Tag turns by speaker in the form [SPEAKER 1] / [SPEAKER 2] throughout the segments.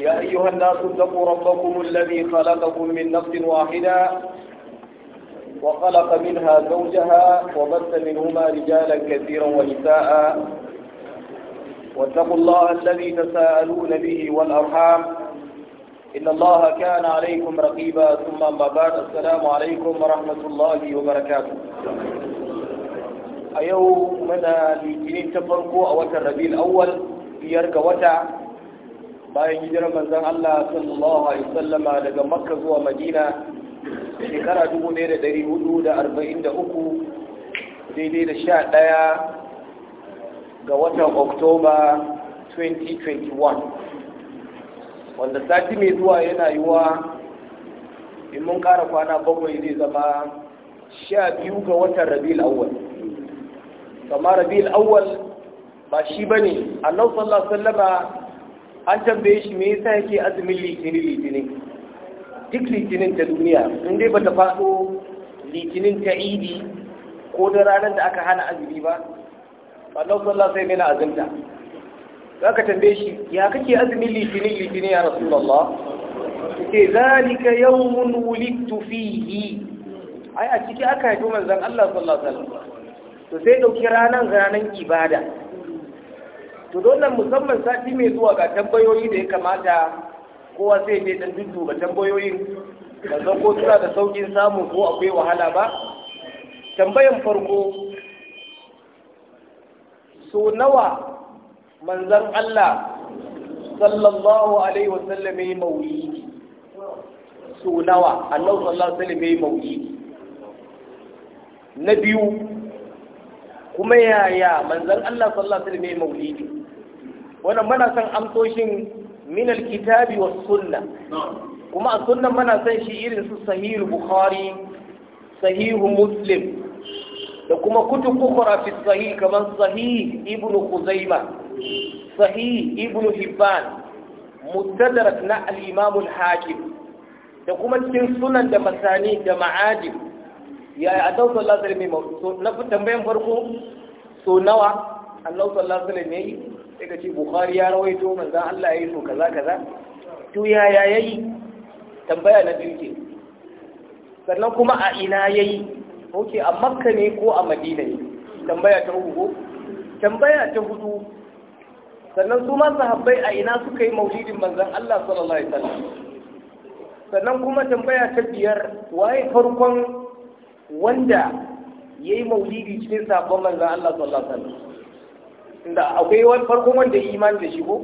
[SPEAKER 1] يا أيها الناس اتقوا ربكم الذي خلقكم من نفس واحدة وخلق منها زوجها وبث منهما رجالا كثيرا ونساء واتقوا الله الذي تساءلون به والأرحام إن الله كان عليكم رقيبا ثم أما بعد السلام عليكم ورحمة الله وبركاته أيوم من الجنين تفرقوا أوتر ربيع الأول بيرك وتع bayan hijirar manzan Allah sallallahu alaihi wasallama daga Makka zuwa Madina shekara 1443 daidai da 11 ga watan Oktoba 2021 wanda sati mai zuwa yana yiwa in mun kara kwana bakwai zai zama sha biyu ga watan rabil awwal kama rabil awwal ba shi ba ne annabi sallallahu alaihi wasallama an tambaye shi me yasa yake azumin litinin litinin duk litinin ta duniya in dai bata faɗo litinin ta idi ko da ranar da aka hana azumi ba Allah sallallahu alaihi wasallam azumta ka tambaye shi ya kake azumin litinin litinin ya rasulullah ke zalika yawmun wulidtu fihi ai a ciki aka haifi manzon Allah sallallahu alaihi wasallam to sai dauki ranar ranar ibada to nan musamman sati mai zuwa ga tambayoyi da ya kamata kowa sai ne dan ga tambayoyin ba zan ko suna da saukin samu ko akwai wahala ba tambayan farko so nawa manzan Allah sallallahu alaihi sallam yayi maulidi so nawa Allah sallallahu alaihi sallam yayi maulidi na biyu kuma yaya manzan Allah sallallahu alaihi sallam yayi maulidi wannan muna son amsoshin min alkitabi was sunna kuma a sunnan muna son shi irin su sahih bukhari sahih muslim da kuma kutub ukhra fi sahih kamar sahih ibn khuzaimah sahih ibn hibban mustadrak na al-imam al-hakim da kuma cikin sunan da masani da ma'ajib ya yi annabi sallallahu alaihi wasallam na tambayan farko so nawa annabi sallallahu alaihi wasallam yayi ka ce bukhari ya rawaito manzan Allah ya yi so kaza kaza to ya yayi tambaya na biyu ke sannan kuma a ina yayi oke a makka ne ko a madina ne tambaya ta uku tambaya ta hudu sannan su ma sahabbai a ina suka yi maulidin manzan Allah sallallahu alaihi wasallam sannan kuma tambaya ta biyar waye farkon wanda yayi maulidi cikin sabon manzan Allah sallallahu alaihi wasallam inda akwai wani farko wanda imani da shi ko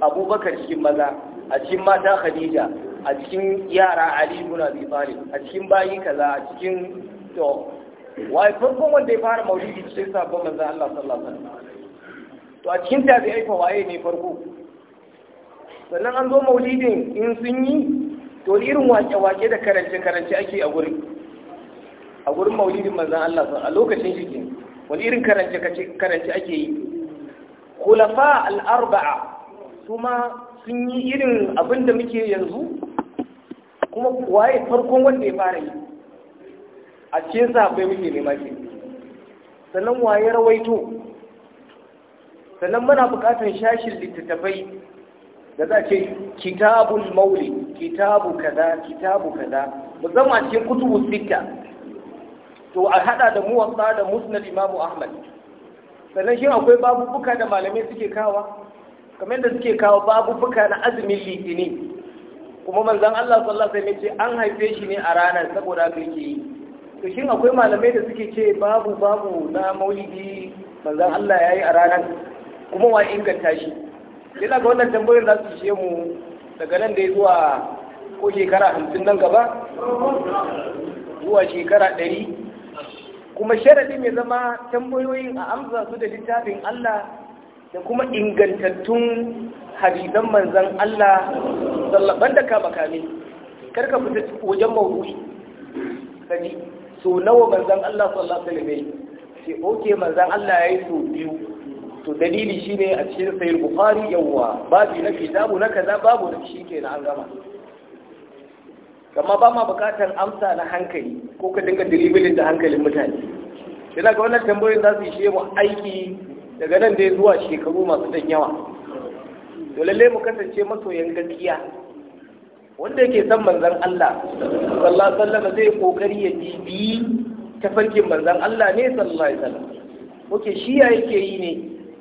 [SPEAKER 1] abubakar cikin maza a cikin mata khadija a cikin yara ali ibn abi talib a cikin bayi kaza a cikin to wai farko wanda ya fara maulidi cikin sabon manzon Allah sallallahu alaihi wasallam to a cikin tabi'ai fa waye ne farko sannan an zo maulidin in sun yi to irin wake-wake da karance-karance ake a gurin a gurin maulidin manzan Allah a lokacin shi ke wani irin karance-karance ake yi khulafa al'arba'a ma sun yi irin abin da muke yanzu kuma waye farkon wanda ya fara yi a cikin sahabbai muke nema ke sannan waye rawaito sannan muna bukatar shashin littattafai da za a ce kitabun mauli kitabu kaza kitabu kaza musamman cikin kutubu sita to a hada da muwatsa da musnad imamu ahmad sannan shi akwai babubuka da malamai suke kawa kamar da suke kawo babubuka na azumin litini kuma manzan Allah sallallahu alaihi wasallam ce an haife shi ne a ranar saboda haka yake yi to shin akwai malamai da suke ce babu babu na maulidi manzan Allah yayi a ranar kuma wa inganta shi yana ga wannan tambayoyin za su ishe mu daga nan da zuwa ko shekara hamsin nan gaba zuwa shekara ɗari kuma sharadin ya zama tambayoyin a amsa su da littafin Allah da kuma ingantattun hadisan manzan Allah sallaban da kama kame karka fita wajen mawuri kaji so nawa manzan Allah sallallahu alaihi sai oke manzan Allah ya yi so biyu to dalili shine a cikin sayar bukhari yawwa babu na kitabu na kaza babu na shi kenan an gama kama ba ma bukatar amsa na hankali ko ka dinga dalibin da hankalin mutane yana ga wannan tambayoyin za su yi mu aiki daga nan dai zuwa shekaru masu dan yawa to lalle mu kasance masoyan gaskiya wanda yake son manzon Allah sallallahu alaihi wasallam zai kokari ya bibi farkin manzon Allah ne sallallahu alaihi wasallam oke shi ya yake yi ne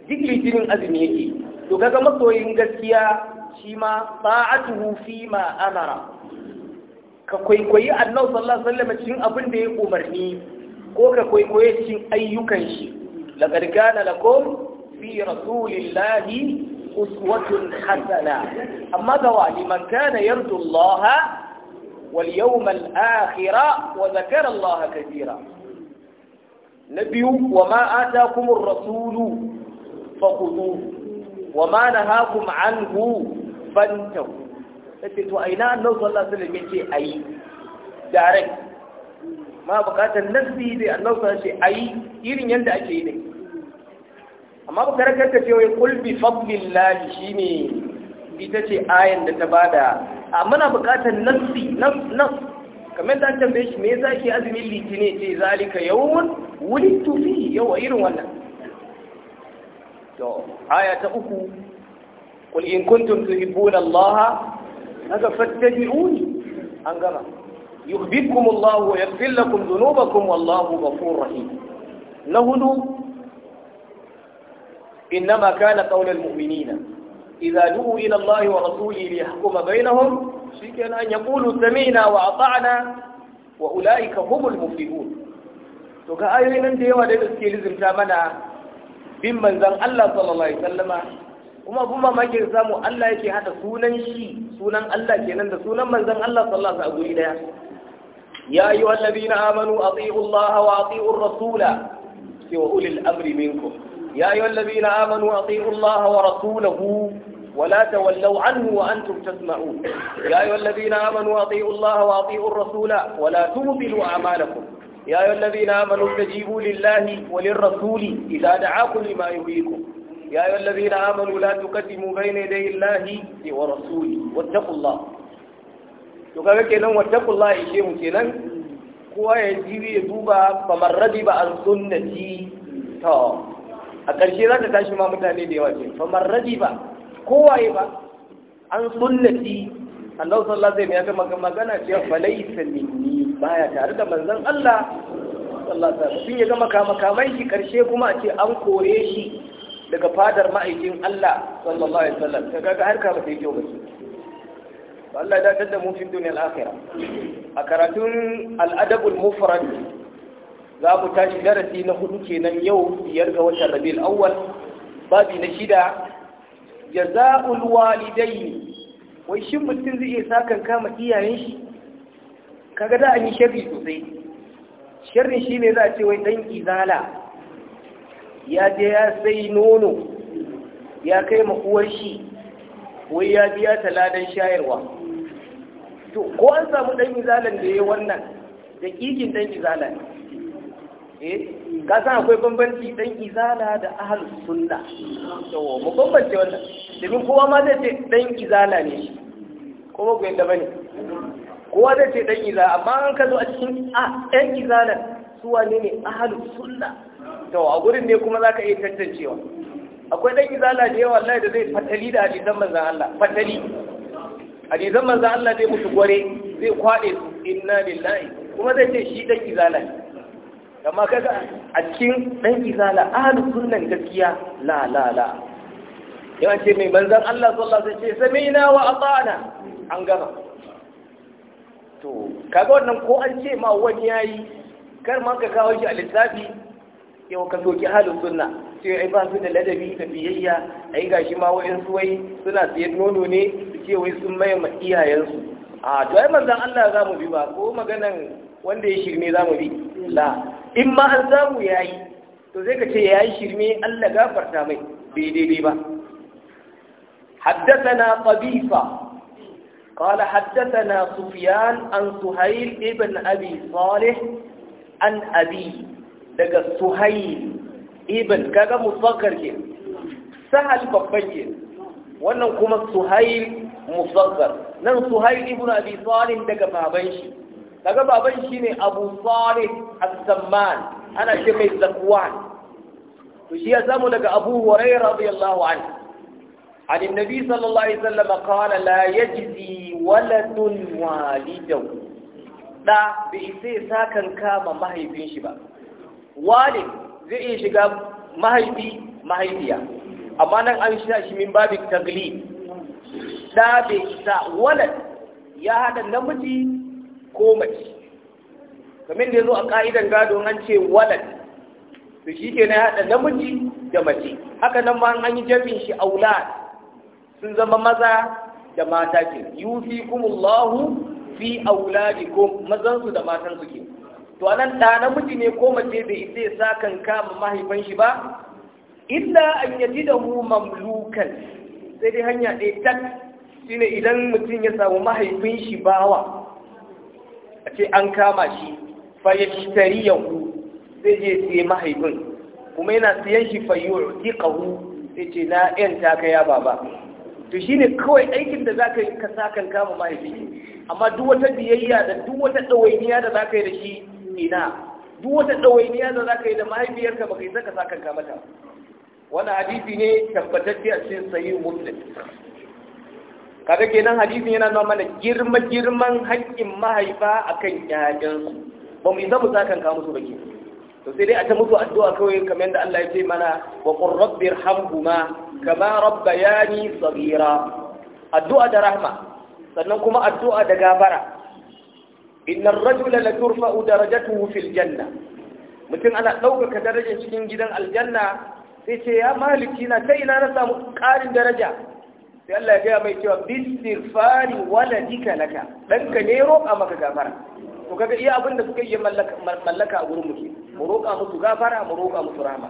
[SPEAKER 1] duk litinin azumi yake to kaga masoyin gaskiya shi ma sa'atuhu fi ma amara ka kwaikwayi annabi sallallahu alaihi wasallam cikin abin da ya umarni ko ka kwaikwaye cikin ayyukan shi laqad kana lakum fi rasulillahi uswatun hasana amma ga wani man kana yarju Allah wal yawm al akhir wa dhakara Allah katira nabiyu wa ma ataakum ar rasulu fakhudhu wa ma nahakum anhu fantahu ce to a ina annabi sallallahu alaihi wasallam a yi, direct ma bukatar nasi da annabi sallallahu ce a yi irin yanda ake yi ne amma ba karakar ka ce wai qul bi fadlillahi shine ita ce ayan da ta bada a muna bukatar nasi nas kamar da an tambaye shi me za ke azumin litine ce zalika yawmun wulidtu fihi yawa irin wannan to aya ta uku قل إن كنتم تحبون الله هذا فاتبعوني انقرا يخبركم الله ويغفر لكم ذنوبكم والله غفور رحيم له لهن انما كان قول المؤمنين اذا دعوا الى الله ورسوله ليحكم بينهم شيك ان يقولوا سمعنا واطعنا واولئك هم المفلحون توكا ايوه نندي ودا تامنا بمن ذن الله صلى الله عليه وسلم kuma kuma mamaki samu Allah yake hada sunan shi sunan Allah kenan da sunan manzon Allah sallallahu alaihi wasallam a guri daya ya ayyuhal ladina amanu atiiu Allah wa atiiu rasula wa ulil amri minkum ya ayyuhal ladina amanu atiiu Allah wa rasulahu ولا تولوا عنه وأنتم تسمعون يا أيها الذين آمنوا أطيعوا الله وأطيعوا الرسول ولا تبطلوا أعمالكم يا أيها الذين آمنوا استجيبوا لله وللرسول إذا دعاكم لما يهيكم Ya يا أيها الذين آمنوا لا تقدموا بين يدي الله ورسوله واتقوا الله تقول كنان واتقوا الله شيء كنان kowa ya ji ya duba kamar rabi ba an sunnati to a ƙarshe za ta tashi ma mutane da yawa ce kamar rabi ba kowa ya ba an sunnati Allah sallallahu alaihi ya gama magana ce fa laysa minni baya tare da manzon Allah sallallahu alaihi wasallam ya gama kama kaman shi ƙarshe kuma a ce an kore shi daga fadar ma'aikin Allah sallallahu alaihi wasallam kaga ga harka ba ta yi kyau ba Allah ya dadar da mu fi duniyar akhirah a karatun al-adabul mufrad za mu tashi darasi na hudu kenan yau biyar ga watan Rabiul Awwal babi na shida jaza'ul walidaini wai shin mutum zai iya sakan kama iyayen shi kaga da an yi sharri sosai sharrin shine za a ce wai dan izala ya je ya sai nono ya kai makuwar shi wai ya biya taladan shayarwa to ko an samu ɗan izalan da ya wannan da ƙiƙin ɗan izalan ne eh ka san akwai bambanci ɗan izala da ahal sunna to mu bambance wannan domin kowa ma zai ce ɗan izala ne shi ko ba ku yadda bane kowa zai ce ɗan izala amma an kazo a cikin a ɗan izalan suwa ne ne ahal sunna to a gurin ne kuma zaka iya tantancewa akwai dan izala da yawa Allah da zai fatali da hadisan manzon Allah fatali hadisan manzon Allah zai mutu gore zai kwade su inna lillahi kuma zai ce shi dan izala amma kaga a cikin dan izala ahlus sunnan gaskiya la la la yawan ce mai manzon Allah sallallahu alaihi wasallam sai sami'na wa ata'na an gama to kaga wannan ko an ce ma wani yayi kar ma ka kawo shi a lissafi yau ka soki halin sunna sai ai ba su da ladabi da biyayya ai gashi ma wa'in su wai suna siyan nono ne su ce wai sun maye ma iyayensu a to ai manzon Allah za mu bi ba ko maganan wanda ya shirme za mu bi la in ma an ya yayi to zai ka ce yayi shirme Allah gafarta mai bai daidai ba حدثنا qabifa قال حدثنا سفيان عن سهيل ابن أبي صالح عن أبي daga suhail ibn kaga musakkar ke sahal babban ke wannan kuma suhail musakkar nan suhail ibn abi salih daga baban shi kaga baban shi ne abu salih as-samman ana ce mai zakwan to shi ya samu daga abu hurairah radiyallahu anhu عن النبي صلى الله عليه وسلم قال لا يجزي ولد والده da bai sai sakan kama mahaifin shi ba walid zai iya shiga mahaifi mahaifiya amma nan an shi shi min babi tagli da bai isa walad ya hada namiji ko mace kamar da yazo a ka'idan gado an ce walad to shi ke na hada namiji da mace haka nan ma an yi jami'in shi aulad sun zama maza da mata ke yufikumullahu fi auladikum mazansu da matansu ke to anan da namiji ne ko mace bai isa sa kan kama mahaifin shi ba illa an yaji da mu mamlukan sai dai hanya ɗaya tak shine idan mutum ya samu mahaifin shi bawa a ce an kama shi fa ya shitari yahu sai je siye mahaifin kuma yana siyan shi fa yu'tiqahu sai ce na yan takaya baba to shine kawai aikin da zaka ka ka kan kama mahaifin? amma duk wata biyayya da duk wata ɗawainiya da zaka yi da shi ina duk wata ɗawainiya da za ka yi da mahaifiyarka ba ka yi zaka sa kanka mata wani hadisi ne tabbatacce a cikin sayi muslim kaga kenan hadisi yana nuna mana girma girman haƙƙin mahaifa akan ƴaƴansu ba mu yi sa kanka musu baki to sai dai a ta mutu addu'a kawai kamar yadda Allah ya ce mana wa qur rabbir irhamhuma kama rabbayani sabira addu'a da rahma sannan kuma addu'a da gafara innar rajula la turfa'u darajatuhu fil janna mutum ana ɗaukaka darajar cikin gidan aljanna sai ce ya maliki na ta ina na samu karin daraja sai Allah ya ga mai cewa bisirfari waladika laka ka ne roƙa maka gafara to kaga iya abin da suka yi mallaka a gurin muke mu roƙa musu gafara mu roƙa musu rama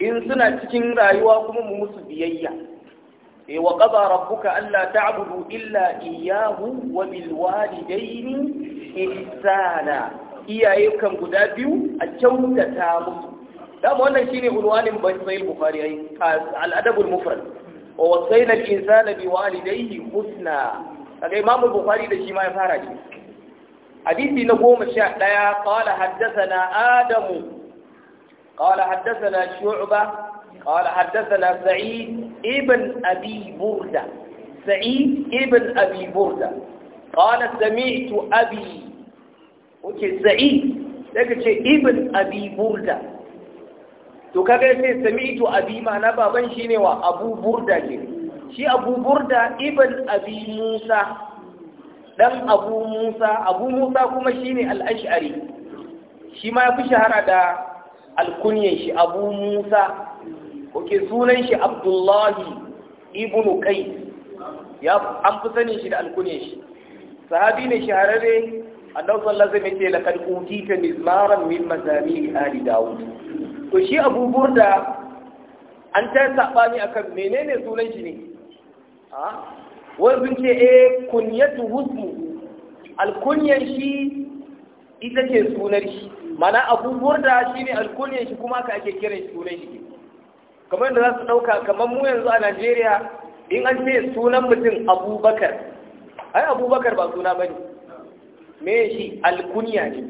[SPEAKER 1] in suna cikin rayuwa kuma mu musu biyayya e wa qada rabbuka Allah ta'budu illa iyyahu wa bil walidayni ihsana iyaye kan guda biyu a kyautata musu dama wannan shine unwanin bai sai bukhari ai al-adab al-mufrad wa wasayna walidayhi husna da shi ya fara na 11 qala haddathana adamu qala na shu'bah قال حدثنا سعيد ابن أبي بردة سعيد ابن أبي بردة قال سمعت أبي وكي سعيد لك ابن أبي بردة to kaga sai sami'tu abi na baban shi ne wa Abu Burda ke shi Abu Burda ibn Abi Musa dan Abu Musa Abu Musa kuma shi shine al-Ash'ari shi ma ya fi shahara da alkunyan shi Abu Musa oke sunan shi abdullahi ibnu kai ya an fi sanin shi da alkunin shi sahabi ne shahararre annabi sallallahu alaihi wasallam ya ce laqad utita mizmaran min mazamir ali daud to shi abu burda an ta sabani akan menene sunan shi ne a wani sun ce eh kunyatu husmu alkunyan shi ita ce sunan shi mana abu burda shine alkunyan shi kuma ka ake kiran sunan shi kamar da za su ɗauka kamar mu yanzu a najeriya in an ce sunan mutum abubakar ai abubakar ba suna ba ne me shi alkunya ne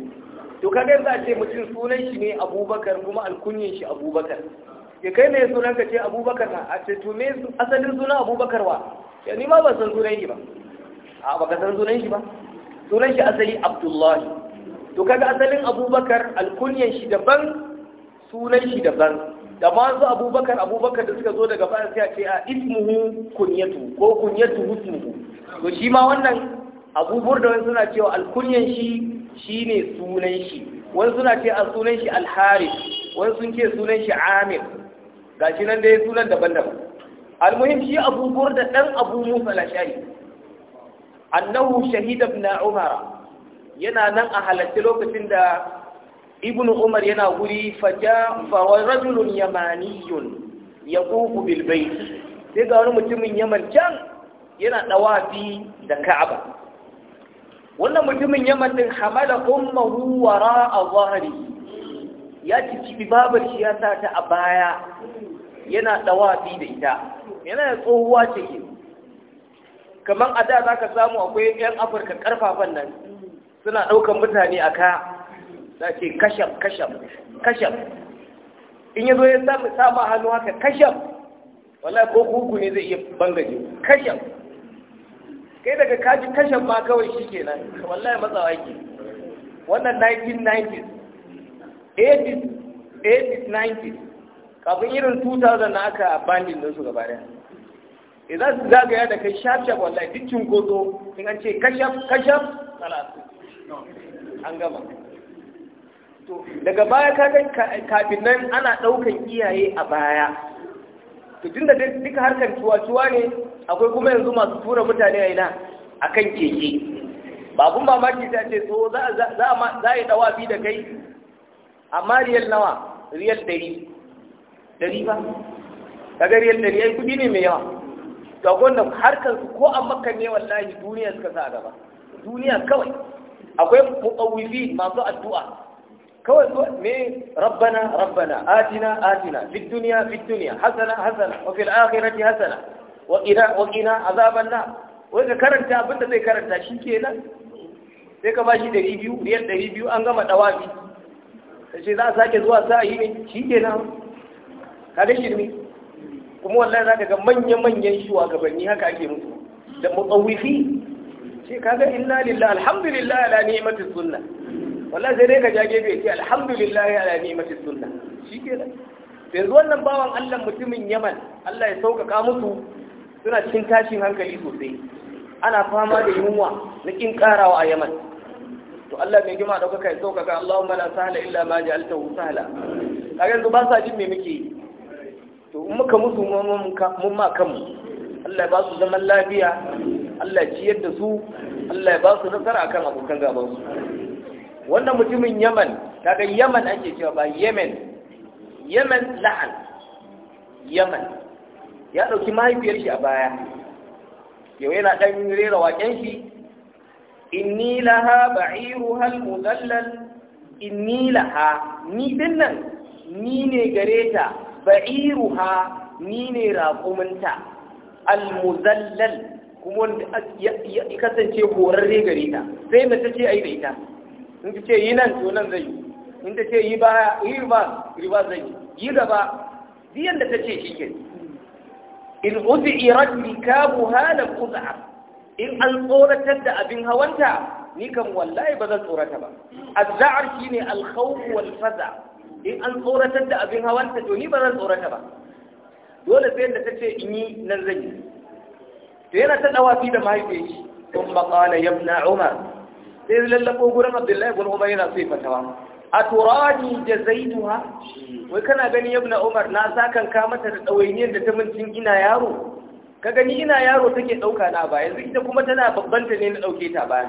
[SPEAKER 1] to kaga yanzu a ce mutum sunan shi ne abubakar kuma alkunyin shi abubakar ya kai ne sunan ka ce abubakar na a ce to me asalin sunan abubakar wa ya ni ma ban san sunan shi ba a baka san sunan shi ba sunan shi asali abdullahi to kaga asalin abubakar alkunyan shi daban sunan shi daban da ma su abubakar abubakar da suka zo daga baya sai a ce a ismuhu kunyatu ko kunyatu ismuhu to shi ma wannan abubuwar da wani suna cewa alkunyan shi ne sunan shi wani suna ce a sunan shi alharif wani sun ce sunan shi amir Ga shi nan dai sunan daban-daban almuhim shi abubuwar da ɗan abu musa lashari annahu shahid ibn umar yana nan a halarci lokacin da ibnu umar yana guri faja fawar rajulun yamaniyun ya kuku bilbai sai ga wani mutumin yaman can yana ɗawafi da ka'aba wannan mutumin yaman din hamala ummahu wara a zahari ya cicibi babar shi ya sa ta a baya yana ɗawafi da ita yana da tsohuwa ce kamar a da za ka samu akwai 'yan afirka ƙarfafan nan suna ɗaukar mutane a ka za ce kashaf kashaf kashaf in yazo ya samu sama hannu haka kashaf wallahi ko kuku ne zai iya bangaje kashaf kai daga kaji kashaf ma kawai shikenan wallahi matsawa yake wannan 1990s 80s 80s 90s kafin irin 2000 na aka abandon din su gaba daya idan eh, su zagaya da kai shafshaf wallahi duk cinkoso in an ce kashaf kashaf an gama daga baya kaga kafin nan ana ɗaukan iyaye a baya to tunda duka harkar tuwa-tuwa ne akwai kuma yanzu masu tura mutane a ina akan keke babun mamaki ta ce so za a yi dawafi da kai amma riyal nawa riyal ɗari ɗari ba kaga riyal ɗari ai kudi ne mai yawa ga wanda harkar ko an makka ne wallahi duniya suka sa gaba duniya kawai akwai muƙawifi masu addu'a kawai me rabbana rabbana atina atina fid dunya fid dunya hasana hasana wa fil akhirati hasana wa qina wa qina azaban nar wai ka karanta abinda zai karanta shi kenan sai ka bashi 200 riyal 200 an gama dawabi sai za a sake zuwa sa'i ne shi ka da shirmi kuma wallahi za ka ga manya-manyan shugabanni haka ake mutu da mutsawifi sai ka ga inna lillahi alhamdulillah ala ni'matis sunnah wallahi sai dai ka ja gefe ce alhamdulillah ala ni'mati sunna shikenan zuwan nan bawan Allah mutumin Yaman Allah ya sauƙaƙa musu suna cikin tashin hankali sosai ana fama da yunwa na kin karawa a Yaman to Allah mai gima ɗaukaka ya sauƙaƙa Allahumma la sahla illa ma ja'altahu sahla kaga yanzu ba sa jin me muke to in muka musu mun ma kanmu Allah ya ba su zaman lafiya Allah ya ciyar da su Allah ya ba su nasara akan abokan gaban su wannan mutumin yaman kaga yaman ake cewa ba yemen yaman la'an yaman ya ɗauki mahaifiyar shi a baya yau yana ɗan rera waƙen shi inni laha ba'iru hal mudallal inni laha ni dinnan ni ne gare ta ba'iru ha ni ne raƙuminta al kuma wanda ya kasance horarre gare ta sai mace ce a yi da ita in ta ce yi nan to nan zai yi in ta ce yi ba, yi riba riba zai yi yi gaba biyan da ta ce shi ke in uzi iran rikabu halar kuza'a in an tsoratar da abin hawanta ni kan wallahi ba zan tsorata ba azza'ar shine alkhawfu wal faza in an tsoratar da abin hawanta to ni ba zan tsorata ba dole sai da tace in yi nan zan yi to yana ta dawafi da mahaifiyi ثم قال يا yabna عمر sai lallabo gurin abdullahi ibn umar yana sai fatawa a turani da zaiduha wai kana gani yabna umar na sakan ka mata da dawainiyar da ta mincin ina yaro ka gani ina yaro take dauka na ba yanzu ita kuma tana babban ta ne na ɗauke ta ba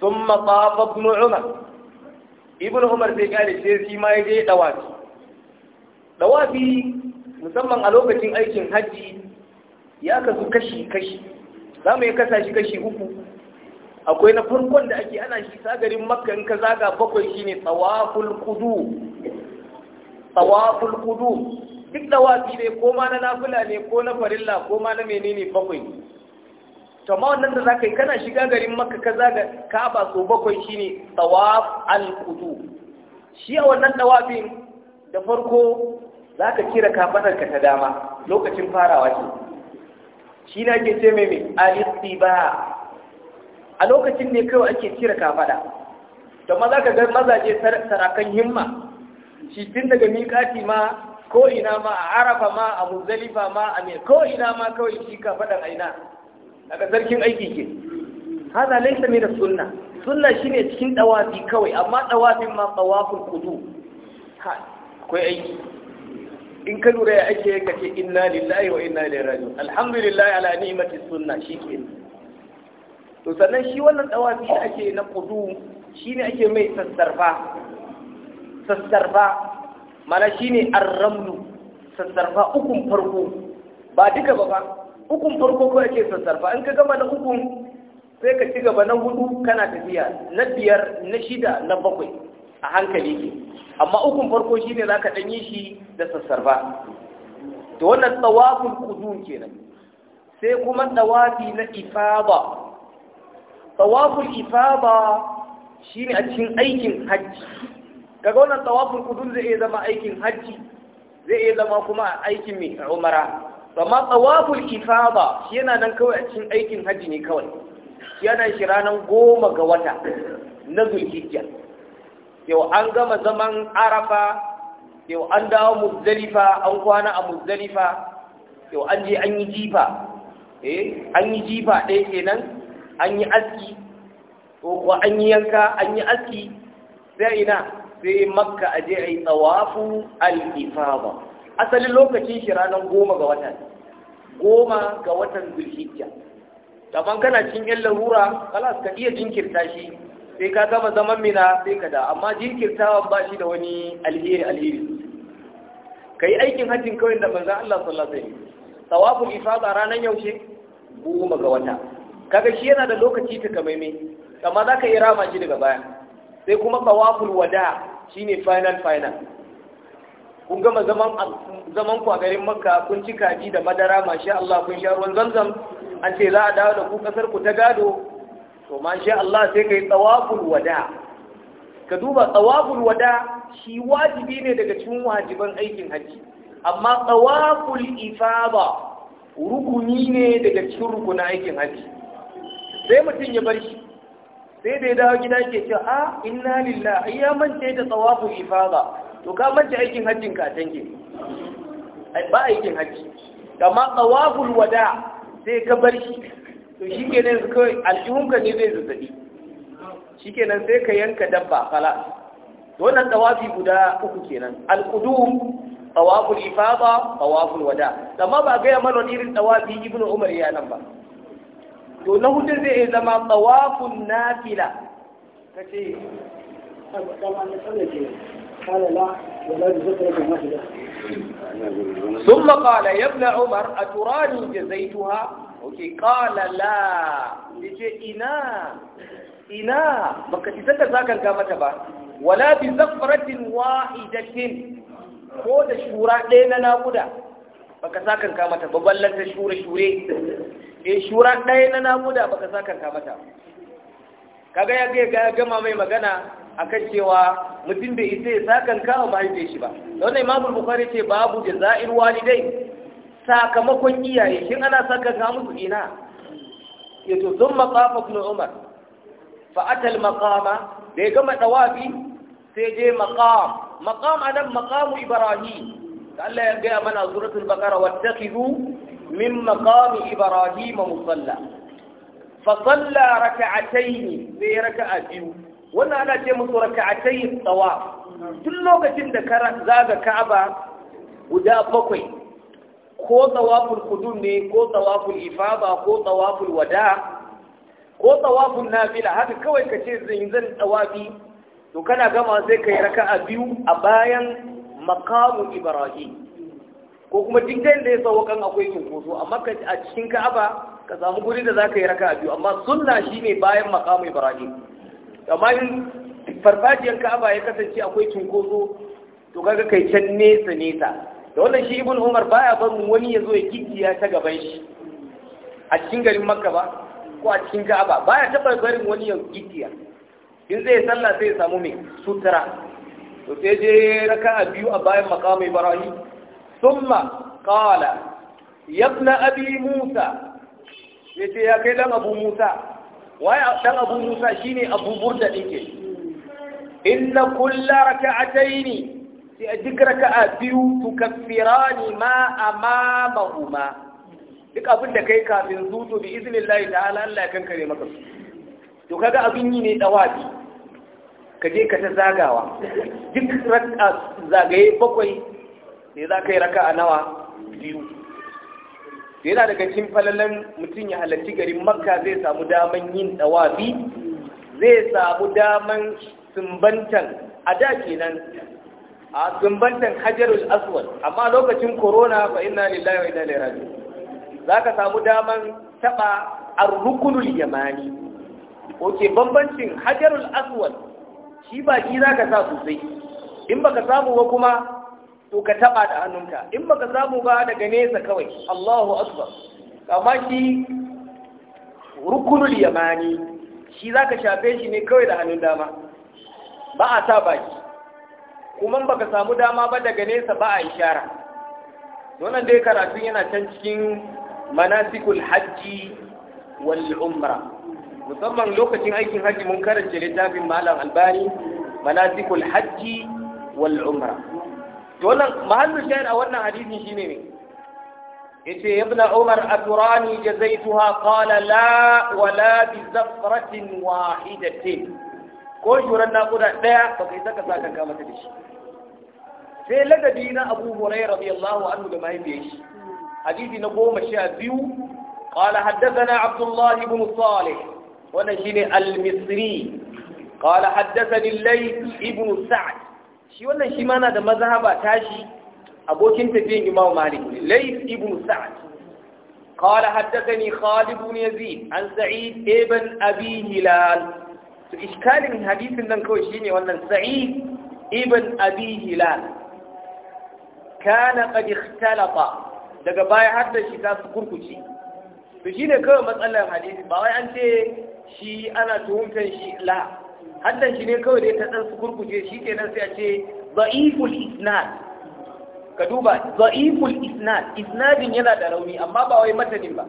[SPEAKER 1] Sun tafa ibn umar ibn umar sai kare sai shi ma yaje dawafi Ɗawafi, musamman a lokacin aikin hajji, ya kasu kashi kashi za mu yi kasa shi kashi uku akwai na farkon da ake ana shi garin makka in ka zaga bakwai shine tawaful qudu tawaful qudu duk dawafi ne ko ma na nafila ne ko na farilla ko ma na menene bakwai to ma wannan da zaka yi kana shiga garin makka ka zaga kaaba so bakwai shine tawaf al qudu shi a wannan tawafin da farko zaka kira kafadar ka ta dama lokacin farawa ce shi na ke ce mai al-istiba a lokacin ne kawai ake cire kafada to maza ka ga mazaje sarakan himma shi tun daga miƙati ma ko ina ma a arafa ma a muzalifa ma a mai ko ina ma kawai shi kafadan aina daga sarkin aiki ke haza laisa mai da sunna sunna shine cikin dawafi kawai amma dawafin ma tsawafin kudu ha akwai aiki in ka lura ya ake ka ce inna lillahi wa inna ilaihi raji'un alhamdulillah ala ni'mati sunna shi ke. to sannan shi wannan dawafi da ake na kudu ne ake mai sassarfa sassarfa mana shi an arramlu sassarfa ukun farko ba duka ba ba ukun farko ko ake sassarfa in ka gama na ukun sai ka ci gaba na hudu kana tafiya na biyar na shida na bakwai a hankali ke amma ukun farko ne za ka yi shi da sassarfa to wannan tsawafin kudu kenan sai kuma tsawafi na ifada tawaful ifada shine a cikin aikin hajji kaga wannan tawaful qudum zai iya zama aikin hajji zai iya zama kuma aikin mai umara amma tawaful ifada yana nan kawai a cikin aikin hajji ne kawai yana shi ranar goma ga wata na zulhijja yau an gama zaman arafa yau an dawo muzdalifa an kwana a muzdalifa yau an je an yi jifa eh an yi jifa ɗaya kenan an yi aski ko an yi yanka an yi aski sai ina sai makka a je a yi tsawafu al-ifada asalin lokacin shi ranar goma ga watan goma ga watan zulhijja daban kana cikin yan larura kalas ka iya jinkirta shi sai ka gama zaman mina sai ka da amma jinkirtawa ba shi da wani alheri alheri ka yi aikin hajjin kawai da manzan Allah sallallahu alaihi wasallam tawaful ifada ranar yaushe goma ga wata kaga shi yana da lokaci ta kamaime amma za ka yi rama shi daga baya sai kuma tawaful wada ne final final kun gama zaman ku a garin makka kun ci kaji da madara masha Allah kun sha ruwan zamzam an ce za a dawo da ku kasar ku ta gado to masha Allah sai ka yi tsawafin wada ka duba tsawafin wada shi wajibi ne daga cikin wajiban aikin haji amma tsawafin ifaba rukuni ne daga cikin rukunin aikin haji sai mutum ya bar shi sai da ya dawo gida ke ce a inna lillahi ya mance da tsawafu ifada to ka mance aikin hajjin ka tanke ba aikin hajji amma tsawafin wada sai ka bar shi to shi nan kawai al'ihunka ne zai zazzabi shi nan sai ka yanka dabba kala wannan tsawafi guda uku kenan alƙudum tsawaful ifada tsawaful wada amma ba gaya mana irin tsawafi ibnu umar ya nan ba to na hudu zai iya zama tsawafun nafila ka ce ثم قال يا zaituwa? عمر أتراني جزيتها أوكي قال لا يجي إنا إنا بك تسكى ساكا كما تبا ولا بزفرة واحدة ko da shura ɗaya na naƙuda baka sakan kama ta babban lantar shure-shure eh shura ɗaya na namuda baka sakanta mata kaga ya ga gama mai magana akan cewa mutum bai isa ya ba wa mahaifiyar shi ba wannan imamu bukari ce babu da za'ir walidai sakamakon iyaye shin ana sakanka musu ina to sun maqama kuma umar fa'atal maƙama. da ya gama ɗawafi sai je Maƙam a nan maƙamu ibrahim Allah ya gaya mana suratul baqara wattakhidhu من مقام إبراهيم مصلى فصلى ركعتين في biyu. wannan ana ce musu raka'atai tsawa tun lokacin da ka zaga ka'aba guda bakwai ko tsawaful Kudu ne ko tsawaful ifaba ko tsawaful wada ko tsawaful nafila haka kawai ka ce zan zan tsawafi to kana gama sai kai raka'a biyu a bayan makamu ibrahim ko kuma duk da ya sauwa kan akwai cunkoso amma a cikin ka'aba ka samu guri da za ka yi raka a biyu amma sunna shi ne bayan makamu ibrahim amma in farfajiyar ka'aba ya kasance akwai cunkoso to kaga kai can nesa nesa da wannan shi ibn umar baya barin wani ya zo ya kikiya ta gaban shi a cikin garin makka ba ko a cikin ka'aba baya taɓa barin wani ya kikiya in zai sallah sai ya samu mai sutura to sai je raka a biyu a bayan makamu ibrahim ثم قال يا ابن أبي موسى yace ya kai dan abu musa waye dan abu musa shine abu burda dinke inna kulla rak'atayn fi ajraka abiu tukaffirani ma amamahuma duk abin da kai kafin zuto bi iznillahi ta'ala Allah ya kankare maka to kaga abin yi ne dawabi ka je ka ta zagawa duk rak'a zagaye bakwai sai za ka yi raka a nawa biyu yana daga cikin falalan mutum ya halarci garin makka zai samu daman yin tsawafi zai samu daman sumbantan a da kenan a sumbantan hajarul aswad amma lokacin corona fa ina lillahi wa inna ilaihi Za ka samu daman taba a rukunul yamani oke bambancin hajarul aswad shi baki ka sa sosai in baka samu ba kuma to ka taba da hannunka in baka samu ba daga nesa kawai Allahu akbar amma shi rukunul yamani shi zaka shafe shi ne kawai da hannun dama ba a sa baki kuma baka samu dama ba daga nesa ba a ishara wannan dai karatun yana can cikin manasikul hajji wal umra musamman lokacin aikin hajji mun karanta littafin malam albani manasikul hajji wal umra to wannan mahallu shayar a wannan hadisin shine ne yace ibn umar aturani jazaituha qala la wala bi zafratin wahidatin ko na nakuda daya ba kai saka saka ka mata da shi sai ladabi na abu hurairah radiyallahu anhu da mahaifiyar shi hadisi na goma sha biyu قال حدثنا عبد الله بن صالح ونجل المصري قال حدثني الليث ابن سعد shi wannan shi ma na da mazhaba tashi abokin tafiyan Imam Malik Layth ibn Sa'd قال حدثني خالد بن يزيد عن سعيد ابن أبي هلال إشكال من حديث من كوشيني وأن سعيد ابن أبي هلال كان قد اختلط daga baya har da shi ta su kurkuce to shine kawai matsalar hadisi ba wai an ce shi ana tuhumtar shi la haddan shi ne kawai dai ta ɗansu su gurguje shi kenan sai a ce za'iful isnad ka duba za'iful isnad isnadin yana da rauni amma ba wai matanin ba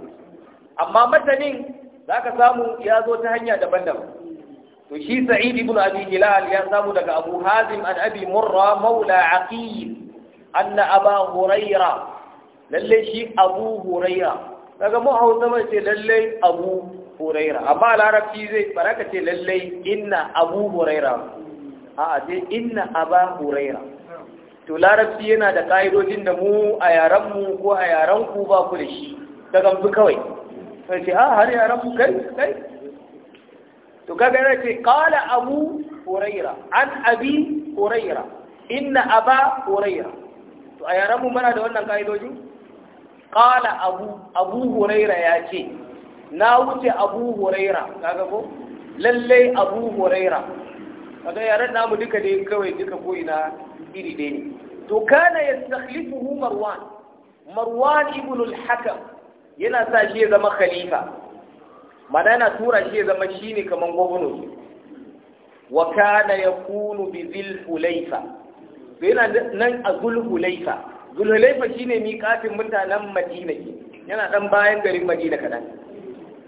[SPEAKER 1] amma matanin za ka samu ya zo ta hanya daban-daban to shi sa'id ibn abi hilal ya samu daga abu hazim an abi murra maula aqil anna aba huraira lalle shi abu hurayra daga mu hausa ce lalle abu huraira amma larabci zai baraka ce lallai inna abu huraira a sai inna aba huraira to larabci yana da ka'idojin da mu a yarenmu ko a yarenku ba ku da shi ta gamsu kawai sai ce a ah, har yarenku kai kai to ka yana ce kala abu huraira an abi huraira inna aba huraira to a yarenmu mana da wannan ka'idojin kala abu abu huraira ya ce na wuce abu huraira kaga ko lallai abu huraira kaga yaran namu duka dai kawai duka ko ina iri dai ne to kana yastakhlifuhu marwan marwan ibn al-hakam yana sa shi ya zama khalifa madana tura shi ya zama shine kaman gwamnati wa kana yakunu bi zil hulaifa yana nan a zul hulaifa zul hulaifa shine miƙatin mutanen madina yana dan bayan garin madina kadan